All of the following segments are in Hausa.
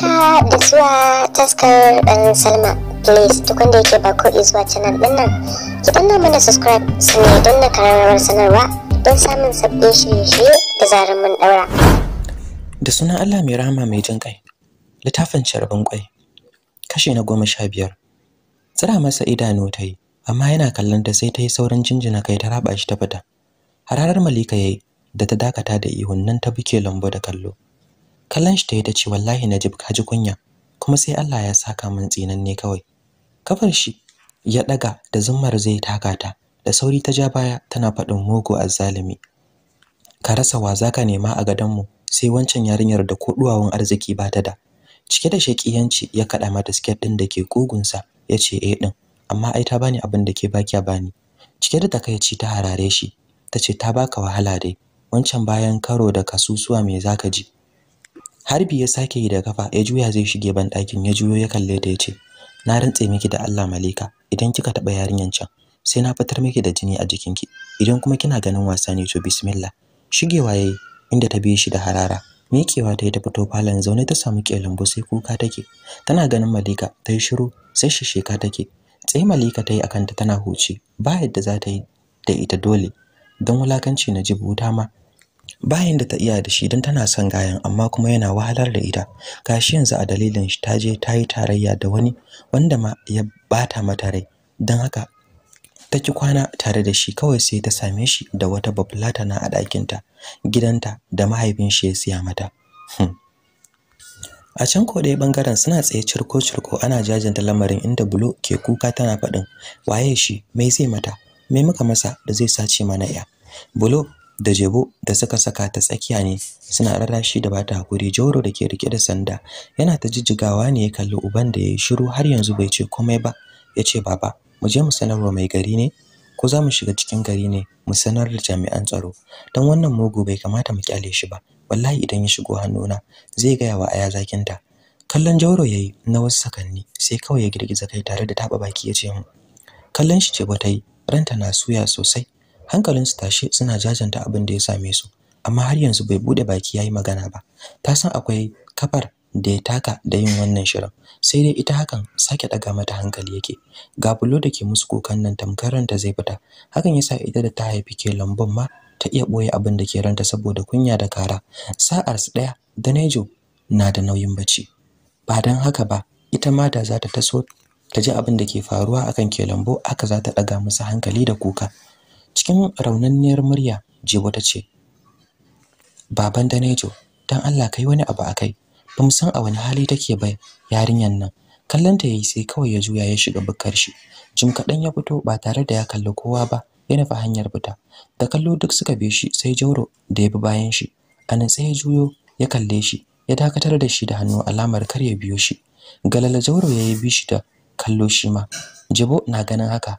haka da zuwa taskar dan salma please duk wanda yake ba ko zuwa canal din nan ki danna mana subscribe su ne don na kararrawar sanarwa don samun sabbin shirye-shirye da zarar mun daura da sunan allah mai rahama mai jin kai littafin carbin kwai kashi na goma sha biyar tsira masa idanu ta yi amma yana kallon ta sai ta yi saurin jinjina kai ta raba shi ta fita hararar malika ya yi da ta dakata da ihun nan ta buke lambu da kallo kallon shi ta yi ta ce wallahi najib ka ji kunya kuma sai Allah ya saka min ne kawai kafar shi ya daga da zummar zai taka ta da sauri ta ja baya tana faɗin mugu azzalimi ka rasa wa zaka nema a gadonmu sai wancan yarinyar da ko duwawun arziki ba ta da cike da shakiyanci ya kaɗa mata sket ɗin da ke kugunsa ya ce eh din amma ai ta bani abin da ke baki bani cike da takaici ta harare shi ta ce ta baka wahala dai wancan bayan karo da kasusuwa me zaka ji harbi ya sake yi da kafa ya juya zai shige ban ɗakin ya juyo ya kalle ta ya ce na rantse miki da Allah malika idan kika taɓa yarinyan can sai na fitar miki da jini a jikinki idan kuma kina ganin wasa ne to bismillah shigewa yayi inda ta bi shi da harara mikewa ta yi ta fito falon zaune ta samu bu sai kuka take tana ganin malika ta yi shiru sai shisheka take tsaye malika ta yi a kanta tana huce ba yadda za ta yi da ita dole don wulakanci na jibu wuta ma bayan da ta iya da shi don tana son gayan amma kuma yana wahalar da ita gashi yanzu a dalilin shi ta je ta yi tarayya da wani wanda ma ya bata mata rai don haka ta ki kwana tare da shi kawai sai ta same shi da wata babbulata na a ɗakinta gidanta da mahaifin shi ya siya mata hmm. a can ko ɗaya ɓangaren suna tsaye cirko-cirko ana jajanta lamarin inda bulo ke kuka tana faɗin waye shi mai zai mata mai muka masa da zai sace mana ya bulo da jebo da suka saka ta tsakiya ne suna rarrashi da bata hakuri joro da ke rike da sanda yana ta jijjigawa ne ya kalli uban da ya shiru har yanzu bai ce komai ba ya ce baba mu je mu sanarwa mai gari ne ko za mu shiga cikin gari ne mu sanar da jami'an tsaro don wannan mugu bai kamata mu kyale shi ba wallahi idan ya shigo hannuna zai gaya wa aya zakinta kallon jauro yayi na wasu sakanni sai kawai ya girgiza kai tare da taba baki ya ce kallon shi ce ba ta ranta na suya sosai hankalinsu tashe suna jajanta abin da ya same su amma har yanzu bai bude baki yayi magana ba ta san akwai kafar da ya taka da yin wannan shirin sai dai ita hakan sake daga mata hankali yake ga bulo da ke musu kukan nan tamkar ranta zai fita hakan yasa ita da ta haifi ke lambun ma ta iya boye abin da ke ranta saboda kunya da kara sa'ar su daya danejo na da nauyin bacci ba dan haka ba ita ma da za ta taso ta ji abin da ke faruwa akan ke lambo aka za ta daga musu hankali da kuka cikin raunanniyar murya jibo ta ce baban danejo dan Allah kai wani abu akai ba mu san a wani hali take ba yarinyar nan kallanta yayi sai kawai ya juya ya shiga bukkar shi jim kadan ya fito ba tare da ya kalli kowa ba ya nufi hanyar fita da kallo duk suka bi shi sai Jauro da ya bi bayan shi anan sai ya juyo ya kalle shi ya dakatar da shi da hannu alamar kar ya biyo shi galala Jauro ya yi bi shi da kallo shi ma jibo na ganin haka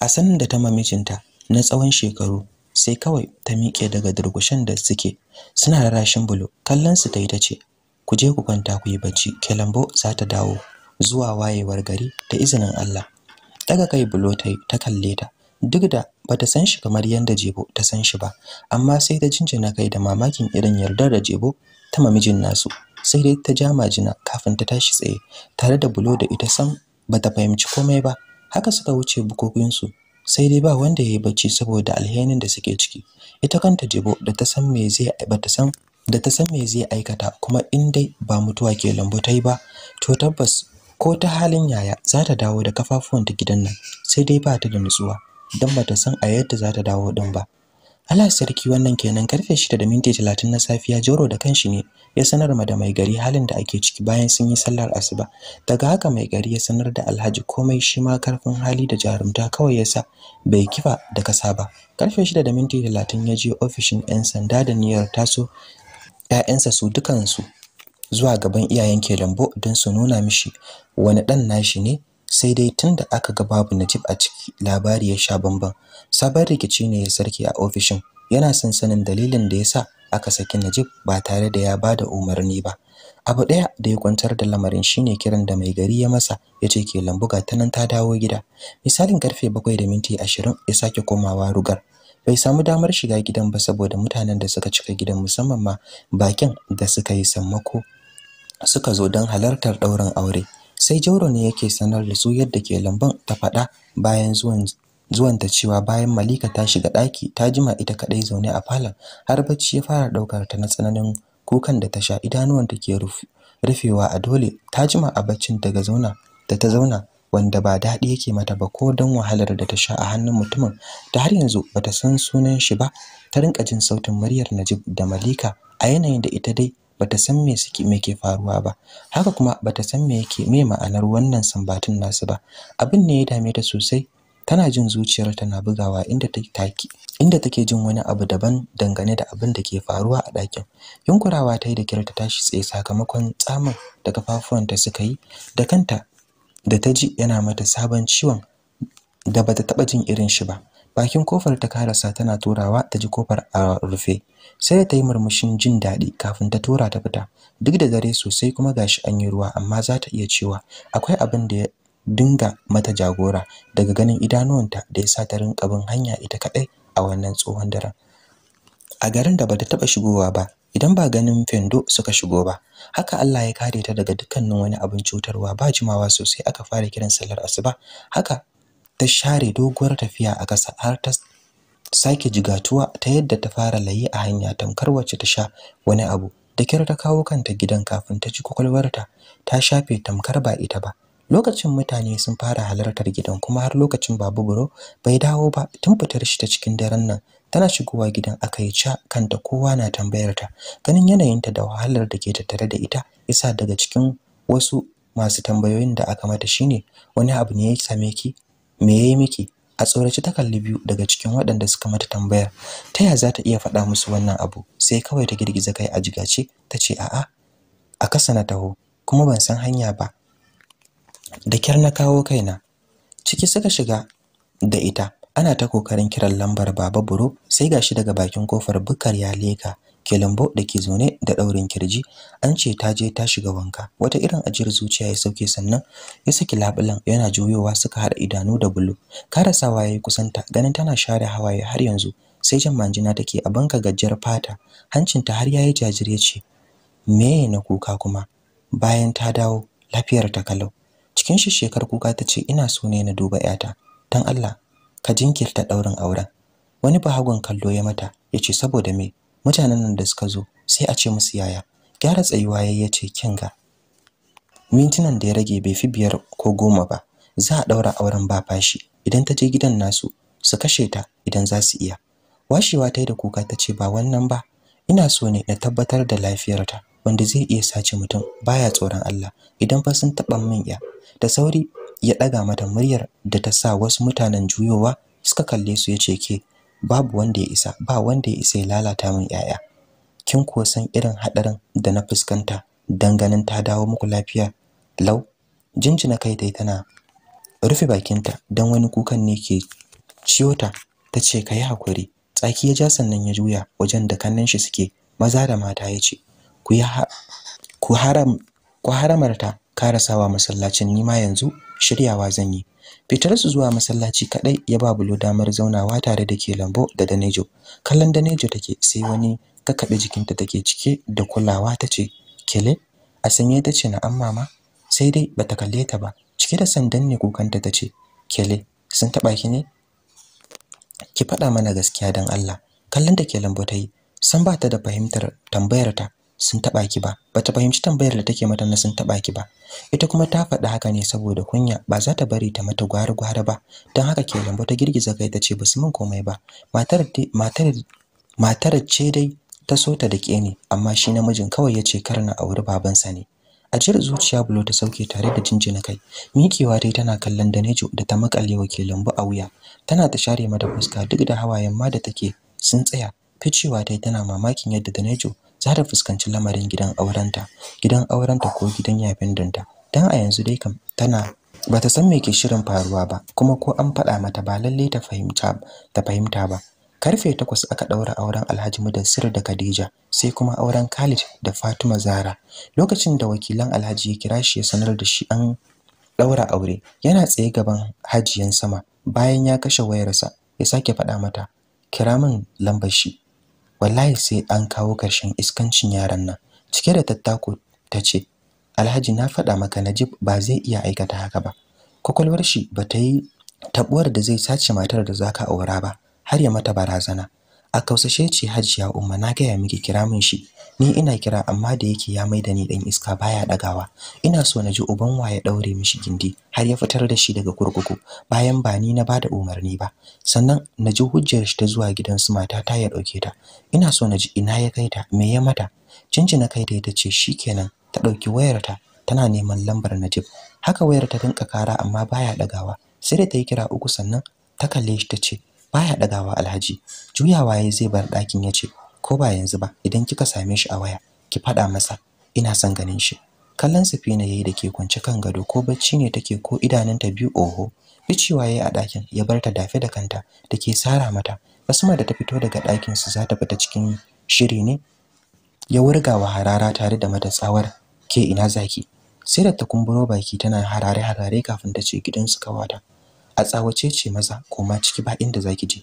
a sanin da ta mijinta. na tsawon shekaru sai kawai ta miƙe daga durgushin da suke suna rarashin bulo kallon su ta yi ta ce ku je ku kwanta ku yi bacci kelambo za ta dawo zuwa wayewar gari da izinin Allah daga kai bulo ta ta kalle ta duk da bata san shi kamar yadda Jebo ta san shi ba amma sai ta jinjina kai da mamakin irin yardar da Jebo ta mamijin nasu sai dai ta ja majina kafin ta tashi tsaye tare da bulo da ita sam ta fahimci komai ba haka suka wuce bukokinsu sai dai ba wanda yayi bacci saboda alhenin da suke ciki ita kanta Jibo da ta san me zai bata san da ta san me zai aikata kuma in dai ba mutuwa ke lambu tai ba to tabbas ko ta halin yaya za ta dawo da kafafuwan ta gidan nan sai dai ba ta da nutsuwa dan bata san a yadda za ta dawo din ba Ala sarki wannan kenan karfe 6:30 na safiya Joro da kanshi ne ya sanar ma da mai gari halin da ake ciki bayan sun yi sallar asuba. Daga haka mai gari ya sanar da Alhaji komai shi ma karfin hali da jarumta kawai ya sa bai kifa da kasa ba. Karfe 6:30 da ya je ofishin 'yan sanda da niyyar taso ‘ya'yansa su dukansu zuwa gaban iyayen Kelambo don su nuna mishi wani ɗan nashi ne sai dai tun da aka ga babu Najib a ciki labari ya sha bamban sabon rikici ne ya sarki a ofishin yana son sanin dalilin da yasa aka saki Najib ba tare da ya bada umarni ba abu daya da ya kwantar da lamarin shine kiran da mai gari ya masa yace ke lambuga ta nan ta dawo gida misalin karfe 7 da minti 20 ya sake komawa rugar bai samu damar shiga gidan ba saboda mutanen da suka cika gidan musamman ma bakin da suka yi sammako suka zo don halartar ɗaurin aure sai jauro ne yake sanar da su yadda ke lambun ta faɗa bayan zuwan zuwan ta cewa bayan malika ta shiga ɗaki ta jima ita kaɗai zaune a falon har bacci ya fara ɗaukar ta na tsananin kukan da ta sha ta ke rufewa a dole ta jima a baccin daga zauna da ta zauna wanda ba daɗi yake mata ba ko don wahalar da ta sha a hannun mutumin da har yanzu bata san sunan shi ba ta rinka jin sautin muryar Najib da Malika a yanayin da ita dai bata san me suke me ke faruwa ba haka kuma bata san me yake me ma'anar wannan sambatun nasu ba abin ne ya dame ta sosai tana jin zuciyar na bugawa inda take taki inda take jin wani abu daban dangane da abin da ke faruwa a ɗakin yunkurawa ta yi da kirta tashi tsaye sakamakon tsamin da kafafuwanta suka yi da kanta da ta ji yana mata sabon ciwon da bata taɓa jin irin shi ba bakin kofar ta karasa tana turawa ta ji kofar a rufe sai da ta yi murmushin jin daɗi kafin ta tura ta fita duk da dare sosai kuma gashi an yi ruwa amma za ta iya cewa akwai abin da ya dinga mata jagora daga ganin idanuwanta da ya sa ta rinka bin hanya ita kaɗai a wannan tsohon daren a garin da bata taɓa shigowa ba idan ba ganin fendo suka shigo ba haka Allah ya kare ta daga dukkanin wani abin cutarwa ba jimawa sosai aka fara kiran sallar asuba haka ta share doguwar tafiya a ƙasa har ta sake jigatuwa ta yadda ta fara layi a hanya tamkar wacce ta sha wani abu da kyar ta kawo kanta gidan kafin ta ci kwakwalwarta ta shafe tamkar ba ita ba lokacin mutane sun fara halartar gidan kuma har lokacin babu buro bai dawo ba tun fitar shi ta cikin daren nan tana shigowa gidan aka yi ca kanta kowa na tambayar ta ganin yanayinta da wahalar da ke tattare da ita isa daga cikin wasu masu tambayoyin da aka mata shine wani abu ne ya same ki me yayi miki a tsoraci ta biyu daga cikin waɗanda suka mata tambaya. ta ya za ta iya faɗa musu wannan abu sai kawai ta girgiza kai a jigace ta ce a'a a kasa na taho kuma ban san hanya ba da kyar na kawo kaina ciki suka shiga da ita ana ta kokarin kiran lambar baba buro sai gashi daga bakin kofar bukar ya leka Kelambo da ke zaune da ɗaurin kirji an ce ta je ta shiga wanka. Wata irin ajiyar zuciya ya sauke sannan ya saki labulan yana juyowa suka haɗa idanu da bulu. Karasawa ya yi kusanta ganin tana share hawaye har yanzu sai jan manjina take a banka gajiyar fata hancinta har yayi jajire ce. Me na kuka kuma? Bayan ta dawo lafiyar ta kalau. Cikin shi shekar kuka ta ce ina so ne na duba 'yata. Dan Allah ka jinkirta ɗaurin auren. Wani bahagon kallo ya mata yace saboda me mutanen nan da suka zo sai a ce musu yaya gyara tsayuwa ya yace kin ga mintunan da ya rage bai fi biyar ko goma ba za a daura auren ba fashi idan ta je gidan nasu su kashe ta idan za su iya washewa ta yi da kuka ta ce ba wannan ba ina so ne na tabbatar da lafiyarta wanda zai iya sace mutum baya tsoron Allah idan fa sun taɓa min ya da sauri ya ɗaga mata muryar da ta sa wasu mutanen juyowa suka kalle su ya ce ke babu wanda ya isa ba wanda ya isa ya lalata min yaya kin kuwa san irin hadarin da na fuskanta dan ganin ta dawo muku lafiya lau jinjina kai dai tana rufe bakinta dan wani kukan ne ke ta tace kai hakuri tsaki ya ja sannan ya juya wajen da kannan shi suke maza da mata yace ku ya ku haram ku haramarta karasawa masallacin nima yanzu shiryawa zan yi fitar su zuwa masallaci kadai ya ba bulo damar zaunawa tare da ke lambo da danejo kallon danejo take sai wani kakkaɓe jikinta take cike da kulawa ta ce kele a sanye ta ce na amma ma sai dai bata kalle ta ba cike da sandan ne kukanta ta ce kele sun taɓa ki ne ki faɗa mana gaskiya don Allah kallon da ke lambo ta yi san bata da fahimtar tambayar ta sun taba ki ba bata fahimci tambayar da take mata na sun taba ki ba ita kuma ta faɗi haka ne saboda kunya ba za ta bari ta mata gwara gwara ba don haka ke lambo ta girgiza kai ta ce ba su min komai ba matar matar matar ce dai ta so ta ke ne amma shi namijin kawai ya ce kar na auri babansa ne a jir zuciya bulo ta sauke tare da jinjina kai mikewa dai tana kallon danejo da ta maƙalewa ke lambu a wuya tana ta share mata fuska duk da hawayen ma da take sun tsaya ficewa dai tana mamakin yadda danejo za ta fuskanci lamarin gidan aurenta gidan aurenta ko gidan yafin danta dan a yanzu dai kam tana ta san me ke shirin faruwa ba kuma ko an faɗa mata ba lalle ta fahimta ta fahimta ba karfe takwas aka ɗaura auren Alhaji Mudassir da Khadija sai kuma auren Khalid da Fatima Zara lokacin da wakilan Alhaji ya kira shi ya sanar da shi an ɗaura aure yana tsaye gaban hajiyan sama bayan ya kashe wayarsa ya sake faɗa mata kira min lambar shi wallahi sai an kawo ƙarshen iskancin yaran nan cike da tattako ta ce alhaji na faɗa maka najib ba zai iya aikata haka ba kwakwalwar shi ba ta yi tabuwar da zai sace matar da zaka aura ba har ya mata barazana a kausashe ce hajiya umma na gaya miki kira min shi ni ina kira amma da yake ya maida ni dan iska baya dagawa ina so na ji uban ya daure mishi gindi har ya fitar da shi daga kurkuku bayan ba ni na bada umarni ba sannan na ji hujjar shi ta zuwa gidan su mata ta ya dauke ta ina so na ji ina ya kai ta me ya mata na kai da ita ce shikenan ta dauki wayarta tana neman lambar Najib haka wayar ta dinka kara amma baya dagawa sai da ta yi kira uku sannan ta kalle shi ta ce baya dagawa alhaji juyawa yayin zai bar ɗakin ya ce ko ba yanzu ba idan kika same shi a waya ki faɗa masa ina son ganin shi kallon safina yayin da ke kwance kan gado ko bacci ne take ko idanunta biyu oho bicewa yayin a ɗakin ya bar ta dafe da kanta take sara mata basma da ta fito daga ɗakin su za ta fita cikin shiri ne ya wurga wa harara tare da mata ke ina zaki sai da ta kumburo baki tana harare harare kafin ta ce gidansu kawata a tsawace ce maza koma ciki ba inda zaki je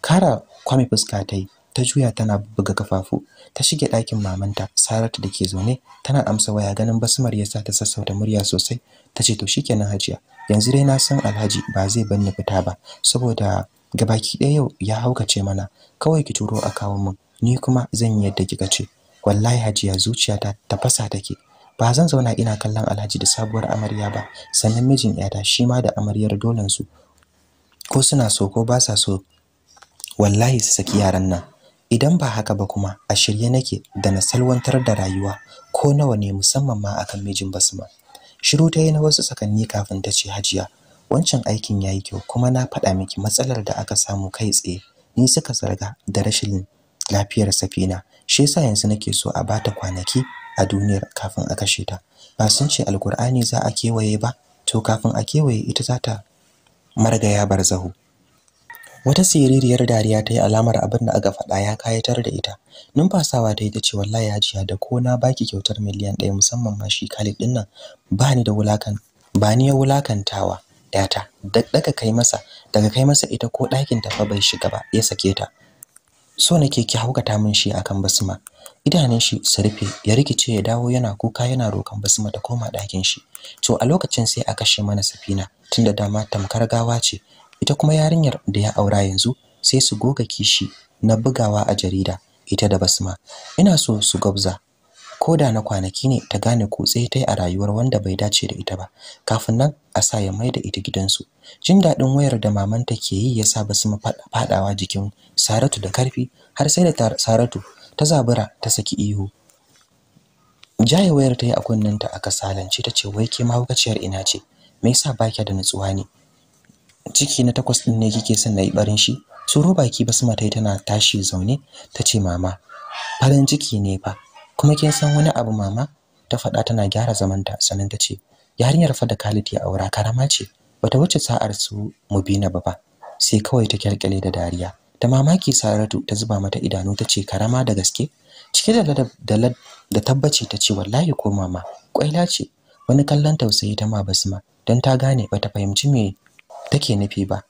kara kwame fuska ta yi ta juya tana buga kafafu ta shige ɗakin mamanta saratu da ke zaune tana amsa waya ganin basmar ya sa ta sassauta murya sosai ta ce to shikenan hajiya yanzu dai na san alhaji ba zai bar ni fita ba saboda gabaki ɗaya yau ya haukace mana kawai ki turo a kawo mun. ni kuma zan yi yadda kika ce wallahi hajiya zuciyata ta fasa take ba zan zauna ina kallon Alhaji da sabuwar amarya ba sannan mijin da shi ma da amaryar dolan su ko suna so ko ba sa so wallahi su saki yaran nan idan ba haka ba kuma a shirye nake da na salwantar da rayuwa ko nawa ne musamman ma akan mijin basma shiru ta yi na wasu sakanni kafin ta ce hajiya wancan aikin yayi kyau kuma na faɗa miki matsalar da aka samu kai tsaye ni suka zarga da rashin lafiyar safina shi yasa yanzu nake so a bata kwanaki a duniyar kafin a kashe ta ba sun ce alkur'ani za a kewaye ba to kafin a kewaye ita za ta margaya barzahu wata siririyar dariya ta yi alamar abin da aka faɗa ya kayatar da ita numfasawa ta yi ta ce wallahi hajiya da ko na baki kyautar miliyan ɗaya musamman ma shi Khalid ɗin nan ba ni da wulakan ba ni ya wulakantawa data daga kai masa daga kai masa ita ko ɗakin ta fa bai shiga ba ya sake ta so nake ki haukata min shi akan basma idanun shi su rufe ya rikice ya dawo yana kuka yana rokan basma ta koma ɗakin shi to a lokacin sai a kashe mana safina tunda dama tamkar gawa ce ita kuma yarinyar da ya aura yanzu sai su goga kishi na bugawa a jarida ita da basma ina so su gabza ko da na kwanaki ne ta gane kutse ta a rayuwar wanda bai dace da ita ba kafin nan a sa ya maida ita gidansu jin daɗin wayar da mamanta ke yi ya sa basu faɗawa jikin saratu da karfi har sai da saratu ta zabura ta saki ihu jaye wayar ta yi a ta a kasalance ta ce wai ke mahaukaciyar ina ce me yasa baki da nutsuwa ne ciki na takwas ɗin ne kike son na yi barin shi tsoro baki basma su tana tashi zaune ta ce mama farin ciki ne fa kuma kin san wani abu mama ta faɗa tana gyara zamanta sannan ta ce yarinyar fa da Khalid ya aura karama ce bata wuce sa'ar su mu Mubina ba ba sai kawai ta kyalkyale da dariya ta mamaki Saratu ta zuba mata idanu ta ce karama da gaske cike da da da tabbaci ta ce wallahi ko mama kwaila ce wani kallon tausayi ta ma basma dan ta gane bata fahimci me take nufi ba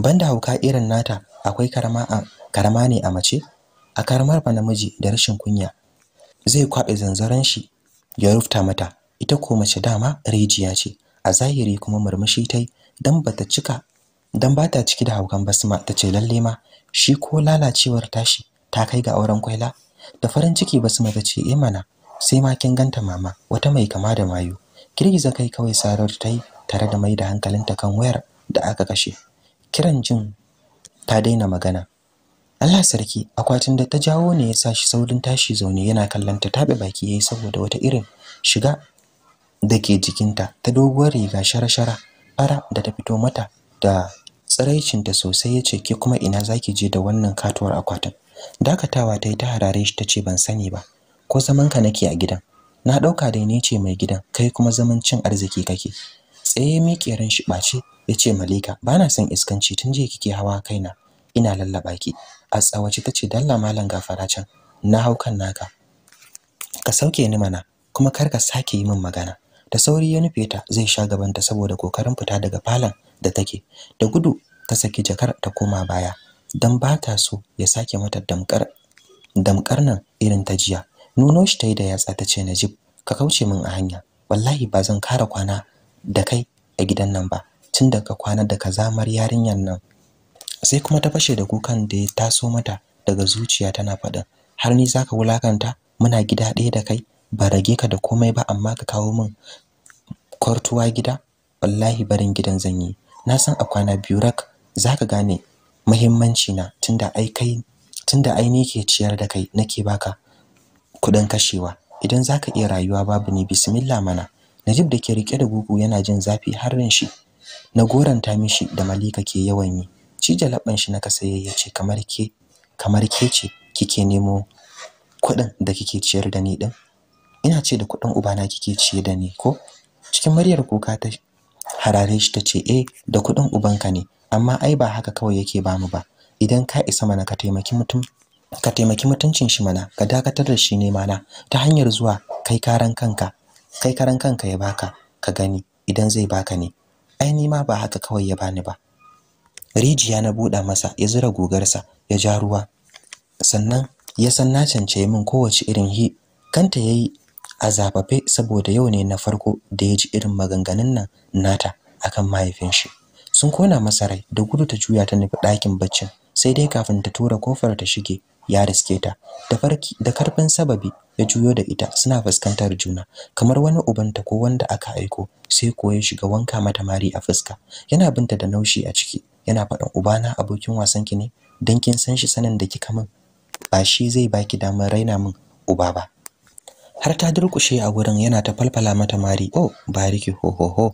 banda hauka irin nata akwai karama a karama ne a mace a karamar fa namiji da rashin kunya zai kwaɓe zanzaran shi ya rufta mata ita ko mace dama rijiya ce a zahiri kuma murmushi tai dan bata cika dan bata ciki da haukan basma tace lalle ma shi ko lalacewar tashi ta kai ga auren kwaila da farin ciki basma tace eh mana sai ma kin ganta mama wata mai kama da mayu girgiza kai kawai sarar tai tare da mai da hankalinta kan wayar da aka kashe kiran jin ta daina magana Allah sarki akwatin da ta jawo ne ya sa shi saurin tashi zaune yana kallon ta tabe baki yayi saboda wata irin shiga da ke jikinta ta doguwar riga shara-shara ara da ta fito mata da tsiraicinta sosai yace ki kuma ina zaki je da wannan katuwar akwatin dakatawa ta yi ta harare shi tace ban sani ba ko zaman zamanka nake a gidan na ɗauka dai ne ce mai gidan kai kuma zaman cin arziki kake tsaye miƙerin shi bace yace ce malika bana son iskanci tun je kike hawa kaina ina lallaba ki a tsawace ta ce dalla malam gafara can na hau kan naka ka sauke ni mana kuma kar ka sake yi min magana da sauri ya nufe ta zai sha gaban ta saboda kokarin fita daga falon da take da gudu ta saki jakar ta koma baya dan ba ta so ya sake mata damkar damkar nan irin ta jiya nuno shi ta yi da yatsa ta ce Najib ka kauce min a hanya wallahi ba zan kara kwana da kai a gidan nan ba tunda ka kwana da kazamar yarinyar nan sai kuma ta fashe da kukan da ya taso mata daga zuciya tana faɗin har ni zaka wulakanta muna gida ɗaya da kai ba rage ka da komai ba amma ka kawo min kwartuwa gida wallahi barin gidan zan yi na san a kwana biyu rak zaka gane muhimmanci na tunda ai ai ni ke ciyar da kai nake baka kuɗin kashewa idan zaka iya rayuwa babu ni bismillah mana Najib da ke rike da gugu yana jin zafi har rinshi shi na goranta mishi da Malika ke yawan yi cije jalaban shi na kasa ya ce kamar ke kamar ke ce kike nemo kuɗin da kike ciyar da ni din ina ce da kuɗin ubana kike ciye da ni ko cikin muryar kuka ta harare shi ta ce, eh da kuɗin ubanka ne amma ai ba haka kawai yake bamu ba idan ka isa mana ka taimaki mutum ka taimaki mutuncin shi mana ka dakatar da shi ne mana ta hanyar zuwa kai karan kanka kai karan kanka ya baka ka gani idan zai baka ne ai ni ma ba haka kawai ya bani ba rijiya na buɗa masa ya zura gogarsa ya ja ruwa sannan ya san na cance min kowace irin hi kanta yayi a zafafe saboda yau ne na farko da ya ji irin maganganun nan nata akan mahaifin shi sun kona masa rai da gudu ta juya ta nufi ɗakin baccin sai dai kafin ta tura kofar ta shige ya riske ta da farki da karfin sababi ya juyo da ita suna fuskantar juna kamar wani ubanta ko wanda aka aiko sai ko ya shiga wanka mata mari a fuska yana binta da naushi a ciki yana faɗin ubana abokin wasan ki ne dan kin san shi sanin da kika min ba shi zai baki damar raina min uba ba har ta durkushe a gurin yana ta falfala mata mari oh bariki ho ho ho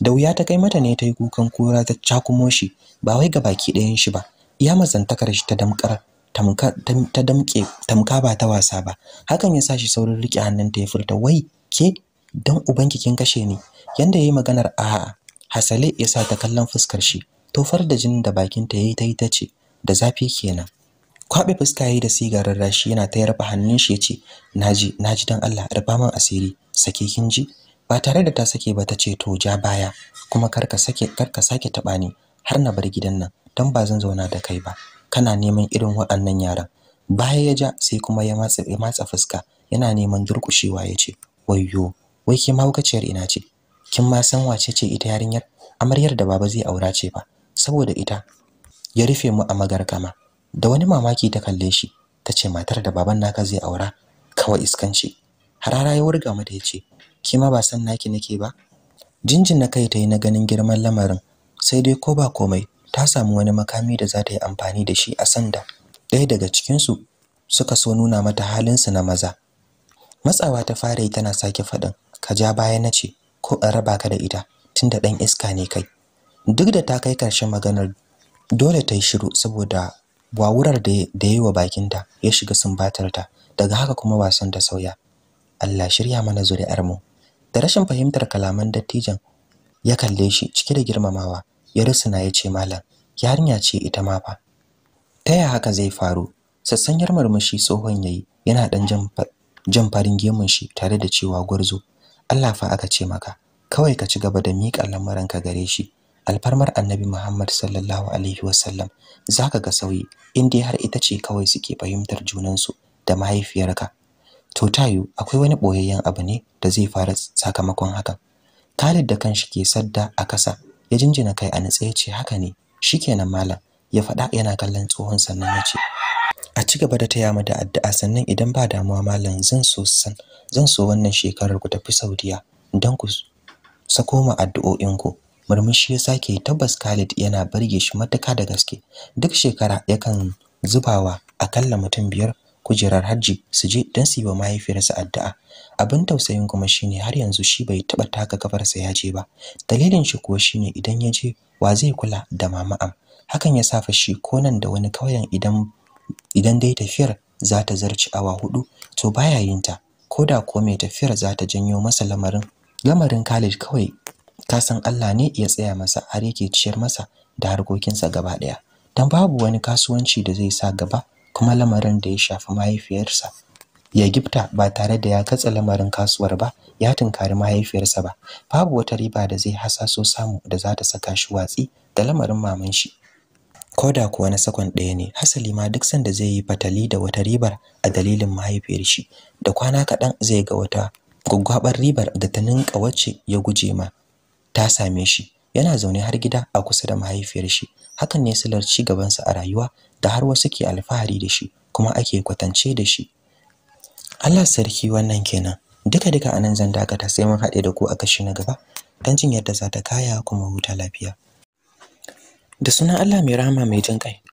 da wuya ta kai mata ne ta yi kukan kura ta cakumo shi ba wai ga baki ɗayan shi ba iya mazantakar shi ta tamka ta damƙe tamka ba ta wasa ba hakan ya sa shi saurin riƙe hannunta ya furta wai ke dan ubanki kin kashe ni yanda yayi maganar a'a hasale ya sa ta kallon fuskar shi tofar da jinin da bakinta yayi ta yi ta ce da zafi kenan kwabe fuska yayi da sigarar rashi yana ta yarba hannun shi yace naji naji dan Allah rufa min asiri sake kin ji ba tare da ta sake ba ta ce to ja baya kuma karka sake karka sake taba ni har na bar gidan nan dan ba zan zauna da kai ba kana neman irin waɗannan yaran baya ya ja sai kuma ya matsa ya matsa fuska yana neman durkushewa yace wayyo wai ke mahaukaciyar ina ce kin ma san wace ce ita yarinyar amaryar da baba zai aura ce ba saboda ita ya rufe mu a magarkama da wani mamaki ta kalle shi ta ce matar da baban naka zai aura kawai iskanci harara ya wurga mata yace ki ma ba san naki nake ba jinjin na kai ta yi na ganin girman lamarin sai dai ko ba komai ta samu wani makami da za ta yi amfani da shi a sanda ɗaya daga cikinsu suka so nuna mata halin su na maza matsawa ta fara yi tana sake faɗin ka ja baya na ce ko in raba ka da ita tunda ɗan iska ne kai duk da ta kai ƙarshen maganar dole ta yi shiru saboda wawurar da ya yi wa bakinta ya shiga ta, daga haka kuma wasan da sauya Allah shirya mana zuri'ar mu da rashin fahimtar kalaman dattijan ya kalle shi cike da girmamawa ya rusuna ya ce malam yarinya ce ita ma fa ta ya haka zai faru sassanyar murmushi tsohon yayi yana ɗan jan farin gemun shi tare da cewa gwarzo Allah fa aka ce maka kawai ka ci gaba da miƙa lamuranka gare shi alfarmar annabi Muhammad sallallahu alaihi wasallam zaka ga sauyi indai har ita ce kawai suke fahimtar junansu da mahaifiyarka to tayu akwai wani boyayyen abu ne da zai fara sakamakon haka Khalid da kanshi ke sadda a kasa ya jinjina kai a natsaye ce haka ne shikenan malam ya faɗa yana kallon tsohon sannan ya ce a ci gaba da taya mu da addu'a sannan idan ba damuwa malam zan so san zan so wannan shekarar ku tafi Saudiya don ku sako mu ku murmushi ya sake tabbas Khalid yana burge shi matuka da gaske duk shekara yakan zubawa akalla mutum biyar kujerar hajji su je don su yi wa mahaifiyarsa addu'a abin tausayin kuma shine har yanzu shi bai taba taka kafarsa ya je ba dalilin shi kuwa shine idan ya je wa zai kula da mama am hakan ya safa shi ko nan da wani kauyen idan idan dai tafiyar za ta zarci awa hudu to baya yin ta da ko mai tafiyar za ta janyo masa lamarin lamarin Khalid kawai ka san Allah ne ya tsaya masa har yake ciyar masa da harkokinsa gaba ɗaya dan babu wani kasuwanci da zai sa gaba kuma lamarin da ya shafi mahaifiyarsa ya gifta ba tare da ya katsa lamarin kasuwar ba ya tunkari mahaifiyarsa ba babu wata riba da zai hasaso samu da za ta saka shi watsi da lamarin maman shi koda kuwa na sakon ɗaya ne hasali ma duk sanda zai yi fatali da wata ribar a dalilin mahaifiyar shi da kwana kaɗan zai ga wata gwaggwabar ribar da ta ninka wacce ya guje ma ta same shi yana zaune har gida a kusa da mahaifiyar shi hakan ne silar ci sa a rayuwa da har wasu ke alfahari da shi kuma ake kwatance da shi Allah sarki wannan kenan duka duka anan zan dakata sai mun haɗe da ku a kashi na gaba dan jin yadda za ta kaya kuma huta lafiya da sunan Allah mai rahama mai jin kai